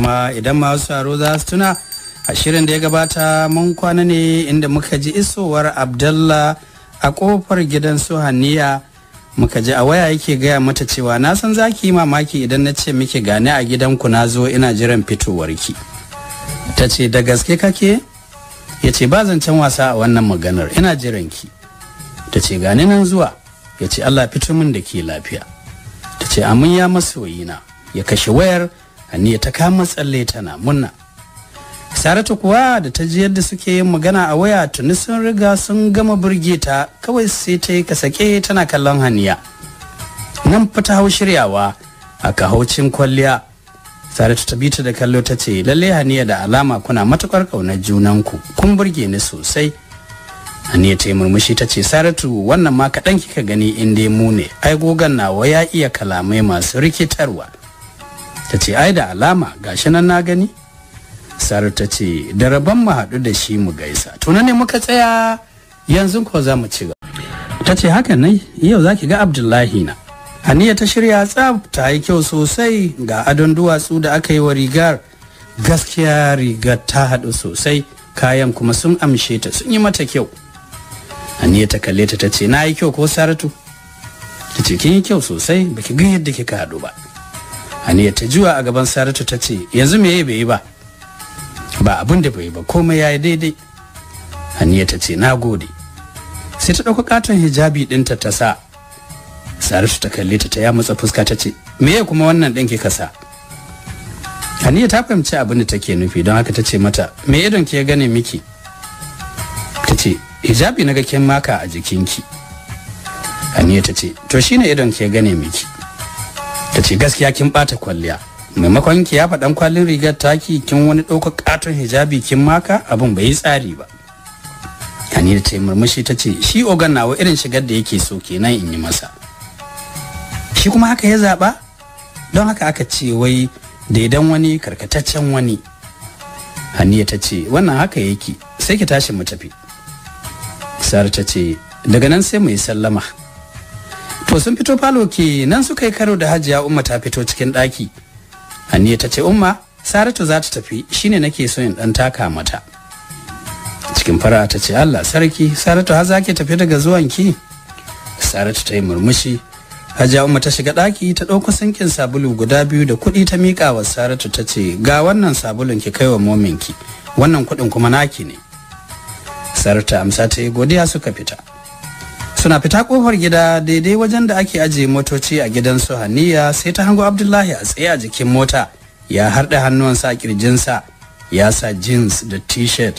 kuma idan ma wasu saro za su tuna a shirin da ya gabata mun kwana ne inda muka ji isowar abdalla a kofar gidan su haniya muka ji a waya yake gaya mata cewa na san za ki yi mamaki idan na ce miki gane a gidanku na zo ina jiran fitowarki ta ce da gaske kake ya ce ba zancen wasa a wannan maganar ina jiranki ta ce gane nan zuwa ya ce allah fito min da ke lafiya ta ce amin ya masoyina ya kashe wayar Haniya ta kama tsalle tana munna saratu kuwa da ta ji yadda suke yin magana a waya tuni sun riga sun gama burge ta kawai sai ta yi kasake tana kallon haniya nan fita hau shiryawa a kahaucin kwalliya saratu ta bita da kallo ta ce lalle haniya da alama kuna matukar junan ku kun burge ni sosai haniya ta yi murmushi ta ce saratu wannan ma kaɗan kika gani in dai mu ne ai gogan nawa ya iya kalamai masu rikitarwa ta ce ai da alama gashi nan na gani sar ta ce da rabon mu haɗu da shi mu gaisa tunan ne muka tsaya yanzu ko za mu ci gaba ta ce haka ne yau za ga abdullahi na Aniya ta shirya tsab ta yi kyau sosai ga adon duwatsu da aka yi wa rigar gaskiya rigar ta haɗu sosai kayan kuma sun amshe ta sun yi mata kyau Aniya ta kalle ta ta ce na yi kyau ko saratu ta ce kin yi kyau sosai baki ga yadda kika haɗu ba Aniya ta juwa a gaban saratu ta ce yanzu me bai ba ba abin da bai ba komai yayi daidai aniya ta ce na gode sai ta ɗauka katon hijabi ɗinta ta sa saratu ta kalle ta ta ya matsa fuska ta ce me kuma wannan ɗin kika kasa. Aniya ta fahimci abin da take nufi don haka ta ce mata me idon ki ya gane miki ta ce hijabi na ga kin maka a jikinki aniya ta ce to shine idon ki ya gane miki ta ce gaskiya kin bata kwalliya maimakon ki ya faɗan kwalin rigar taki kin wani ɗaukar katon hijabi kin maka abin bai yi tsari ba yani da ta yi murmushi ta ce shi ogan nawa irin shigar da yake so kenan in yi masa shi kuma haka ya zaɓa don haka aka ce wai daidan wani karkataccen wani haniya ta ce wannan haka yake sai ki tashi mu tafi sar ta ce daga nan sai mu sallama to sun fito falo ke nan suka yi karo da hajiya umma ta fito cikin ɗaki haniya ta ce umma saratu za ta tafi shine nake so in ɗan taka mata cikin fara ta ce allah sarki saratu har za tafi daga zuwan ki saratu ta yi murmushi hajiya umma ta shiga ɗaki ta ɗauko sankin sabulu guda biyu da kuɗi ta miƙa wa saratu ta ce ga wannan sabulun ki kai wa mominki wannan kuɗin kuma naki ne saratu amsa ta yi godiya suka fita suna fita kofar gida daidai wajen da ake ajiye motoci a gidan su haniya sai ta hango abdullahi a tsaye a jikin mota ya harɗa hannuwansa a kirjinsa ya sa jeans da t-shirt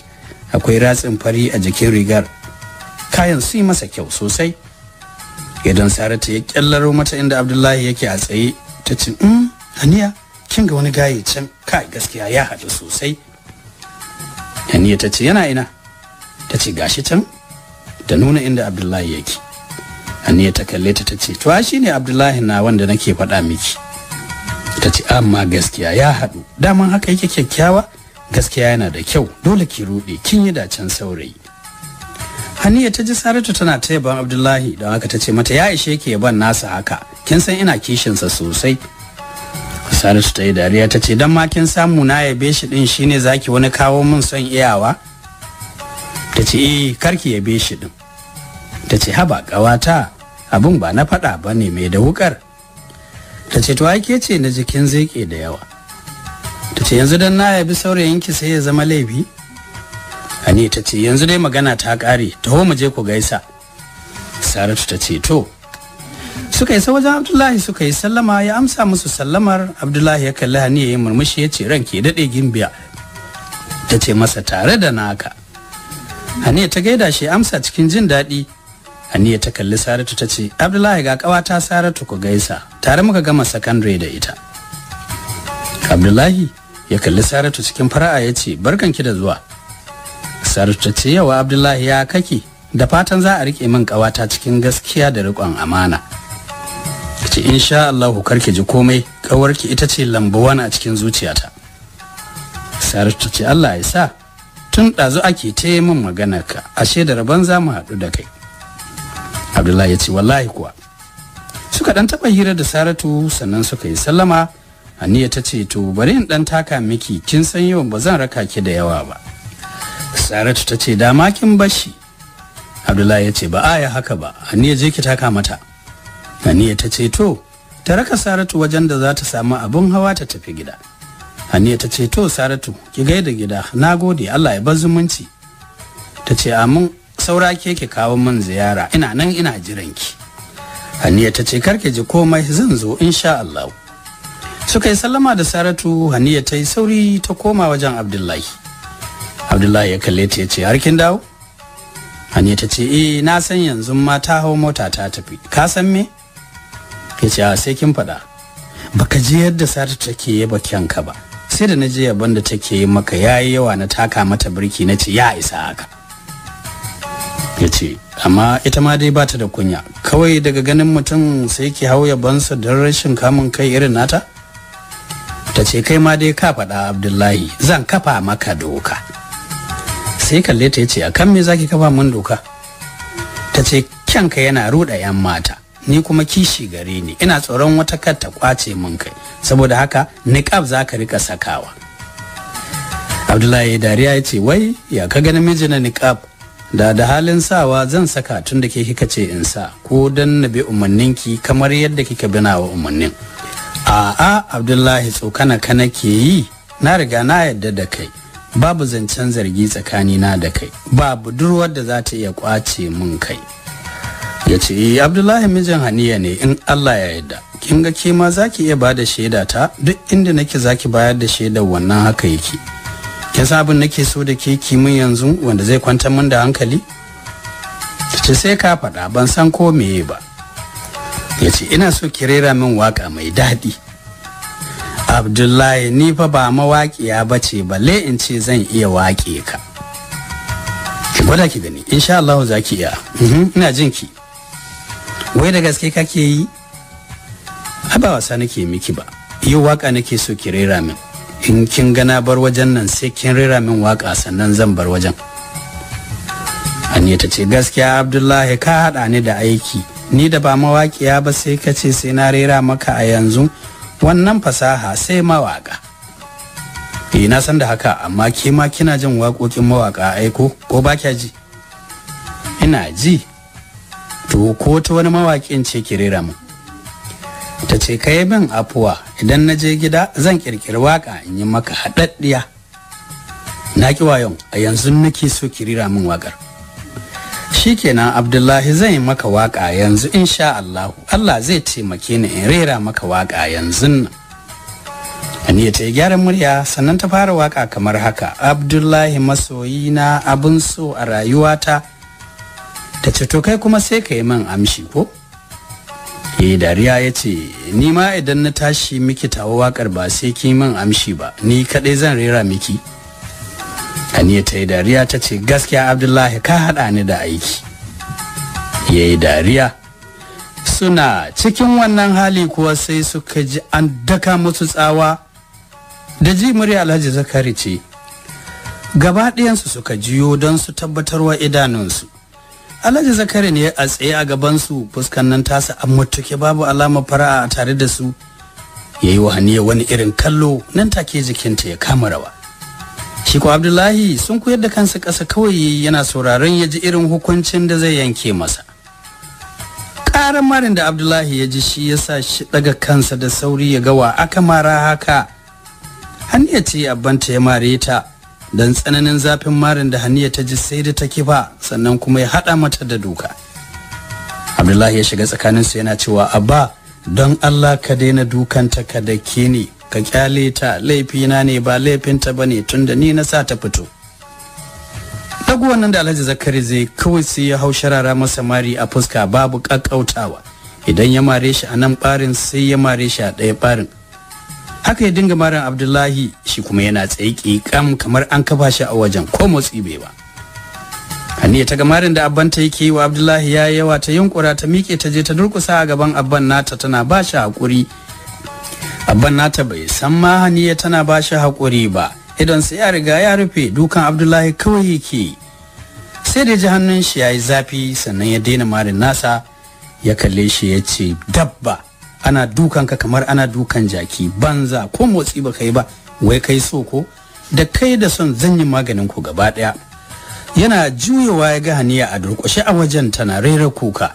akwai ratsin fari a jikin rigar kayan su yi masa kyau sosai idan saratu ya kyallaro mata inda abdullahi yake a tsaye ta ce um haniya kin ga wani gaye can kai gaskiya ya haɗu sosai haniya ta ce yana ina ta ce gashi can ta nuna inda abdullahi yake aniya ta kalle ta ce to shi ne abdullahi na wanda nake faɗa miki ta ce amma gaskiya ya haɗu daman haka yake kyakkyawa gaskiya yana da kyau dole ki ruɗe kin yi dacen saurayi haniya ta ji saratu tana ta yaban abdullahi don haka ta ce mata ya ishe ke yaban nasa haka kin san ina kishinsa sosai saratu ta yi dariya ta ce don ma kin samu na yabe shi din shine zaki wani kawo min son iyawa ta ce eh karki yabe shi din ta ce haba ƙawata abin ba na faɗa ba ne mai da wukar ta ce to ake ce na jikin zeke da yawa ta ce yanzu don na yabi saurayinki sai ya zama laifi ani ta ce yanzu dai magana ta ƙare to mu je ku gaisa saratu ta ce to suka isa wajen abdullahi suka yi sallama ya amsa musu sallamar abdullahi ya kalli hani ya yi murmushi ya ce ranke daɗe gimbiya ta ce masa tare da naka hani ta gaida shi amsa cikin jin daɗi aniya ta kalli saratu ta ce abdullahi ga ƙawata saratu ku gaisa tare muka gama sakandare da ita abdullahi ya kalli saratu cikin fara'a ya ce barkanki da zuwa saratu ta ce yawa abdullahi ya kake da fatan za a rike min ƙawata cikin gaskiya da riƙon amana ce insha Allah karki ji komai ƙawarki ita ce lambawan a cikin zuciyata saratu ta ce Allah ya sa tun ɗazu ake ta min maganar ka ashe da rabon za mu haɗu da kai abdullahi ya ce wallahi kuwa suka dan taba hira da saratu sannan suka yi sallama aniya ta ce to bari in dan taka miki kin san yawan ba zan raka ki da yawa ba saratu ta ce dama kin bashi abdullahi ya ce ba ya haka ba aniya je ki taka mata aniya ta ce to ta raka saratu wajen da za ta samu abun hawa ta tafi gida aniya ta ce to saratu ki gaida gida na gode allah ya bar zumunci ta ce amin saura ke ke kawo min ziyara ina nan ina jiran ki haniya ta ce karke ji komai zan zo insha Allah suka yi sallama da saratu haniya ta yi sauri ta koma wajen abdullahi abdullahi ya kalle ta ce har kin dawo haniya ta ce eh na san yanzu ma ta hau mota ta tafi ka san me ya ce a sai kin faɗa baka je yadda saratu take yaba kyanka ba sai da na je yaban da take yi maka yayi yawa na taka mata birki na ce ya isa haka ya ce amma ita ma dai bata da kunya kawai daga ganin mutum sai ki hau yabansa don rashin kamun kai irin nata ta ce kai ma dai ka faɗa abdullahi zan kafa maka doka sai kalle ta ce akan me zaki kafa min doka ta ce kyanka yana ruɗa 'yan mata ni kuma kishi gare ni ina tsoron wata kar ta kwace min kai saboda haka za ka rika sakawa abdullahi dariya ya ce wai ya ka ganin mijina niqab da da halin sawa zan saka tun da ke kika ce in sa ko dan na bi umarninki kamar yadda kika bina wa umarnin a'a abdullahi tsokana ka nake yi na riga na yadda da kai babu zancen zargi tsakani na da kai ba budurwar da za ta iya kwace mun kai ya ce eh, abdullahi mijin haniya ne in allah ya yadda. kin ga ke ma iya ba da shaida ta duk inda nake zaki bayar da shaidar wannan haka yake kin san abin nake so da ke kimin yanzu wanda zai kwantar min da hankali ce sai ka faɗa ban san ko meye ba ya ce ina so ki rera min waka mai daɗi abdullahi ni fa ba mawaƙiya ba ce balle in ce zan iya waƙe ka ki gwada ki gani insha Allah za ki iya mhm, ina jin ki wai da gaske kake yi haba wasa nake miki ba yi waƙa nake so ki rera min in kin gana bar wajen nan sai kin rera min waka sannan zan bar wajen aniya ta ce gaskiya abdullahi ka haɗa ni da aiki ni da ba mawaƙiya ba sai ka ce sai na rera maka a yanzu wannan fasaha sai mawaƙa eh na san da haka amma ke ma kina jin waƙoƙin mawaƙa aiko ko ba kya ji ina ji to ko ta wani mawaƙin ce ki rera min ta ce ka yi min afuwa idan na je gida zan kirkiri waka in yi maka haɗaɗɗiya na ki wayon a yanzu nake so ki rira min wakar kenan abdullahi zan yi maka waka yanzu insha Allah Allah zai taimake ni in rera maka waka yanzu nan Aniya ta yi gyaran murya sannan ta fara waka kamar haka Abdullahi masoyi na abin so a rayuwata ta ce to kai kuma sai ka yi min amshi ko ya eh, dariya ya ce ni ma idan na tashi miki tawa wakar ba sai ki min amshi ba ni kadai zan rera miki aniya ta yi dariya ta ce gaskiya abdullahi ka haɗa ni da aiki Ya'yi dariya suna cikin wannan hali kuwa sai suka ji an daka musu tsawa da ji murya alhaji zakari ce gaba ɗayansu suka jiyo don su tabbatarwa idanunsu alhaji zakari ne a tsaye a gabansu fuskan nan tasa a mutuke babu alamar fara'a tare da su ya yi wahaniya wani irin kallo nan take jikinta ya kama rawa shi ko abdullahi sun koyar da kansa ƙasa kawai yana sauraron ya ji irin hukuncin da zai yanke masa ƙarar marin da abdullahi ya ji shi ya sa shi daga kansa da sauri ya gawa aka mara haka hanya ce ta ya mare ta don tsananin zafin marin da haniya ta ji sai da ta kifa sannan kuma ya haɗa mata da duka abdullahi ya shiga tsakanin su yana cewa abba don allah ka daina dukanta ka da ke ni ka kyale ta laifina ne ba laifinta ba ne tun ni na sa ta fito taguwan wannan da alhaji zakari zai kawai sai ya hau sharara masa mari a fuska babu kakkautawa idan ya mare shi a nan barin sai ya mare shi a ɗaya barin haka ya dinga marin abdullahi shi kuma yana tsaiki kam kamar an kafa shi a wajen ko motsi bai ba haniya ta gamarin da abban yake wa abdullahi ya yawa ta yunkura ta miƙe ta je ta durkusa a gaban abban nata tana ba shi haƙuri abban nata bai san ma haniya tana ba shi haƙuri ba idan sai ya riga ya rufe dukan abdullahi kawai yake sai da ji hannun shi ya yi zafi sannan ya daina marin nasa ya kalle shi ya ce dabba ana dukan ka kamar ana dukan jaki banza ko motsi ba kai ba wai kai so ko da kai da son zan yi maganin ku gaba daya yana juyewa ya ga haniya a durƙushe a wajen tana rera kuka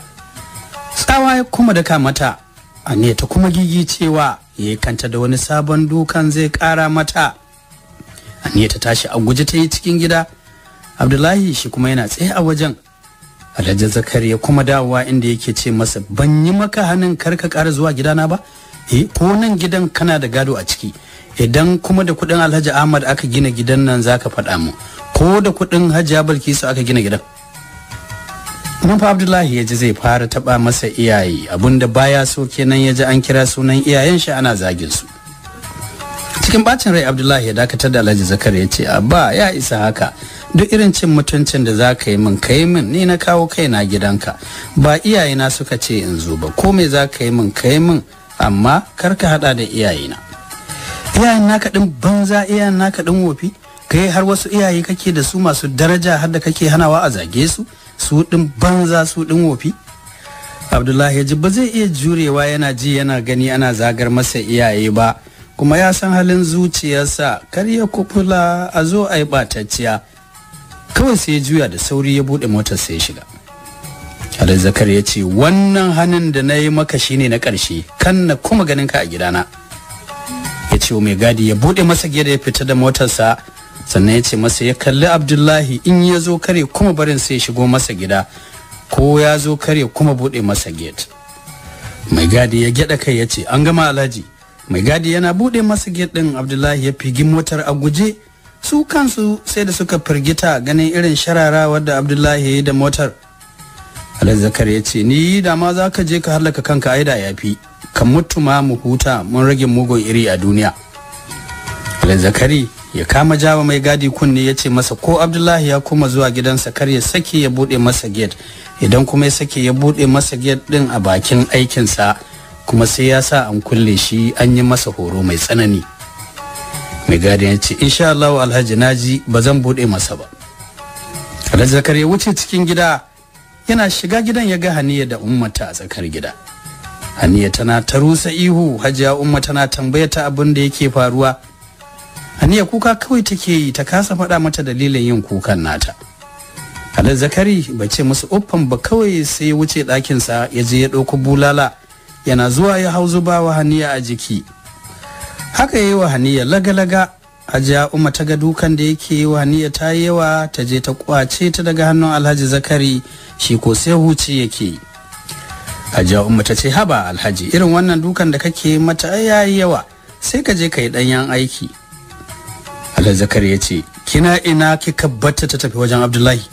tsawa ya kuma daka mata aniya ta kuma gigi cewa ya kanta da wani sabon dukan zai ƙara mata aniya ta tashi a guji ta yi cikin gida abdullahi shi kuma yana tsaye a wajen alhaji zakariya ya kuma dawowa inda yake ce masa ban yi maka hannun karka ƙara zuwa gidana ba eh ko nan gidan kana da gado a ciki idan kuma da kuɗin alhaji ahmad aka gina gidan nan zaka faɗa mu ko da kuɗin hajiya bilkisu aka gina gidan nan fa abdullahi ya ji zai fara taɓa masa iyaye abinda baya so kenan ya ji an kira sunan iyayen shi ana zagin su cikin bacin rai abdullahi ya dakatar da alhaji zakariya ya ce abba ya isa haka duk irin cin mutuncin da za ka yi min ka yi min ni na kawo kaina gidanka ba iyayena suka ce in zo ba ko me za ka yi min ka yi min amma kar ka hada da iyayena iyayen naka din banza iyayen naka din wofi kai har wasu iyaye kake da su masu daraja har da kake hanawa a zage su su din banza su din wofi abdullahi ji ba zai iya jurewa yana ji yana gani ana zagar masa iyaye ba kuma ya san halin zuciyarsa kar ya kukula a zo a yi batacciya kawai sai ya juya da sauri ya buɗe motar sai ya shiga alhaji zakar ya ce wannan hannun da na yi maka shine na karshe kan na kuma ganin ka a gidana ya ce mai gadi ya buɗe masa gida ya fita da motarsa sannan ya ce masa ya kalli abdullahi in ya zo kare kuma barin sai ya shigo masa gida ko ya zo kare kuma buɗe masa gate mai gadi ya gyada kai ya ce an gama alhaji mai gadi yana buɗe masa gate ɗin abdullahi ya figi motar a guje su kansu sai da suka firgita ganin irin sharara wadda abdullahi da motar alhaji zakar ya ce ni da ma za ka je ka hallaka kanka aida ya fi ka mutu ma mu huta mun rage mugun iri a duniya alhaji zakari ya kama jawa mai gadi kunne ya ce masa ko abdullahi ya koma zuwa gidansa kar ya sake ya bude masa gate idan kuma ya sake ya bude masa gate din a bakin aikinsa kuma sai ya sa an kulle shi an yi masa horo mai tsanani mai gadi ya ce insha Allah alhaji naji ba zan bude masa ba alhaji zakari ya wuce cikin gida yana shiga gidan ya ga haniya da ummata a tsakar gida haniya tana ta ihu hajiya umma tana tambaya ta abin da yake faruwa haniya kuka kawai take yi ta kasa faɗa mata dalilin yin kukan nata alhaji zakari bai ce musu uffan ba kawai sai ya wuce sa ya je ya ɗauko bulala yana zuwa ya hau zubawa haniya a jiki haka yi wa haniya lagalaga hajiya umma ta ga dukan da yake yi wa haniya ta yi yawa ta je ta kwace ta daga hannun alhaji zakari shi ko sai huci yake hajiya umma ta ce haba alhaji irin wannan dukan da kake mata ya yi yawa sai ka je ka yi ɗanyen aiki alhaji zakari ya ce kina ina kika batta ta tafi wajen abdullahi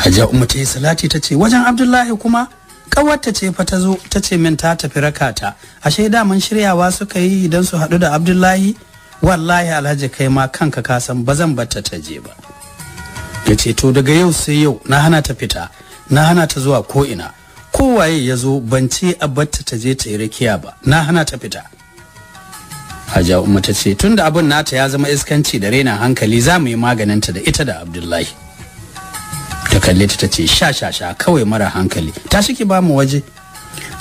hajiya umma ta yi salati ta ce wajen abdullahi kuma kawarta ce fa ta zo ta ce min ta tafi rakata ashe shirya shiryawa suka yi idan su haɗu da abdullahi wallahi alhaji kai ma kanka ka san ba zan bata ta je ba ya ce to daga yau sai yau na hana ta fita na hana ta zuwa ko ina kowaye ya zo ban ce a batta ta je ta yi rakiya ba na hana ta fita Hajiya Umma ta ce tunda abin nata ya zama iskanci da raina hankali za mu yi maganinta da ita da Abdullahi. ta kalle ta ce sha sha sha kawai mara hankali ta shike ba mu waje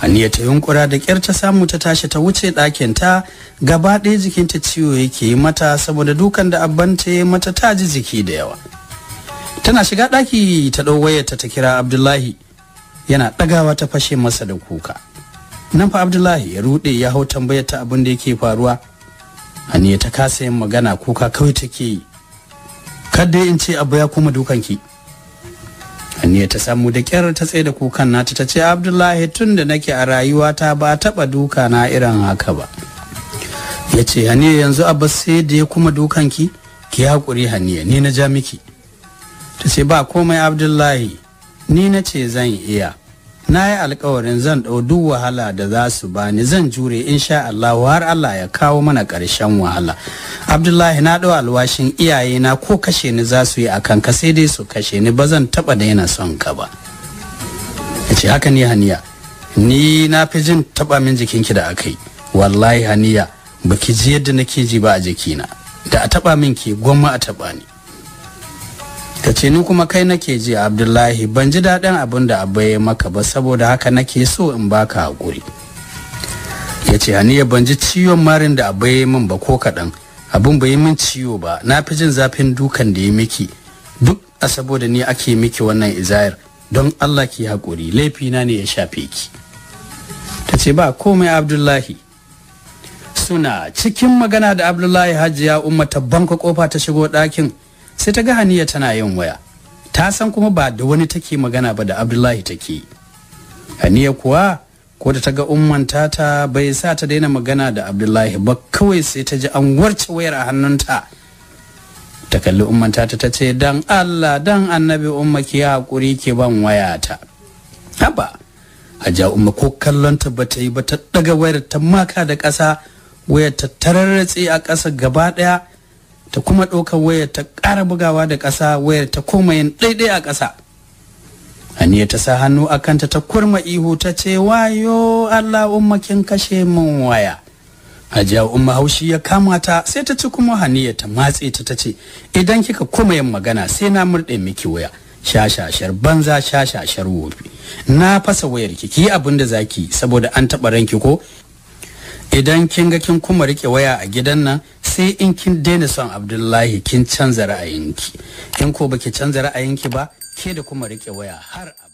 aniya ta yunkura da kyar ta samu ta tashi ta wuce ɗakin ta gaba ɗaya ta ciwo yake yi mata saboda dukan da abban ta yi mata ta ji jiki da yawa tana shiga ɗaki ta ɗau wayar ta kira abdullahi yana ɗagawa ta fashe masa da kuka nan fa abdullahi ya ruɗe ya hau tambayar ta abin da yake faruwa aniya ta kasa yin magana kuka kawai take yi kada in ce abu ya kuma dukanki Aniya ta samu da kyar ta tsaye da kukan nata ta ce Abdullahi tun da nake a rayuwa ta ba taɓa duka na irin haka ba. Ya ce Aniya yanzu a sai da ya kuma dukan ki ki haƙuri Haniya ni na ja miki. Ta ce ba komai Abdullahi ni na ce zan iya. na yi alkawarin zan ɗau duk wahala da za su bani zan jure insha Allah har Allah ya kawo mana ƙarshen wahala Abdullahi na ɗau alwashin iyaye na ko kashe ni za su yi akan ka sai dai su kashe ni ba zan taɓa daina son ka ba ce haka ne haniya ni na fi jin taɓa min jikin ki da akai wallahi haniya baki ji yadda nake ji ba a jikina da a taɓa min ke gwamma a taɓa ni ta ce ni kuma kai nake ji abdullahi ban ji daɗin abin da abu ya maka ba saboda haka nake so in baka haƙuri ya ce haniya ban ji ciwon marin da abu ya min ba ko kaɗan abin bai min ciwo ba na fi jin zafin dukan da ya miki duk a saboda ni ake miki wannan izayar don allah ki haƙuri laifina ne ya shafe ki ta ce ba komai abdullahi suna cikin magana da abdullahi hajiya umma ta banka kofa ta shigo ɗakin sai ta ga haniya tana yin waya ta san kuma ba da wani take magana ba da abdullahi take haniya kuwa ko da ta ga umman tata bai sa ta daina magana da abdullahi ba kawai sai ta ji an warce wayar a hannunta ta kalli umman ta ce dan allah dan annabi umma ki hakuri ke ban wayata haba ja umma ko kallon ta ba ta yi ba ta daga wayar ta maka da ƙasa wayar ta tararratse a ƙasa gaba ɗaya ta kuma ɗaukar wayar ta ƙara bugawa da ƙasa wayar ta koma yin ɗaiɗai a ƙasa aniya ta sa hannu a kanta ta kurma ihu ta ce wayo allah umma kin kashe min waya hajiya umma haushi ya kama ta sai ta ci kuma haniya ta matse ta ta ce idan kika koma yin magana sai na murɗe miki waya shashashar banza shashashar wofi na fasa wayar ki yi abin da zaki saboda an taɓa ranki ko idan kin ga kin kuma rike waya a gidan nan sai in kin daina son abdullahi kin canza ra'ayinki in ko baki canza ra'ayinki ba ke da kuma rike waya har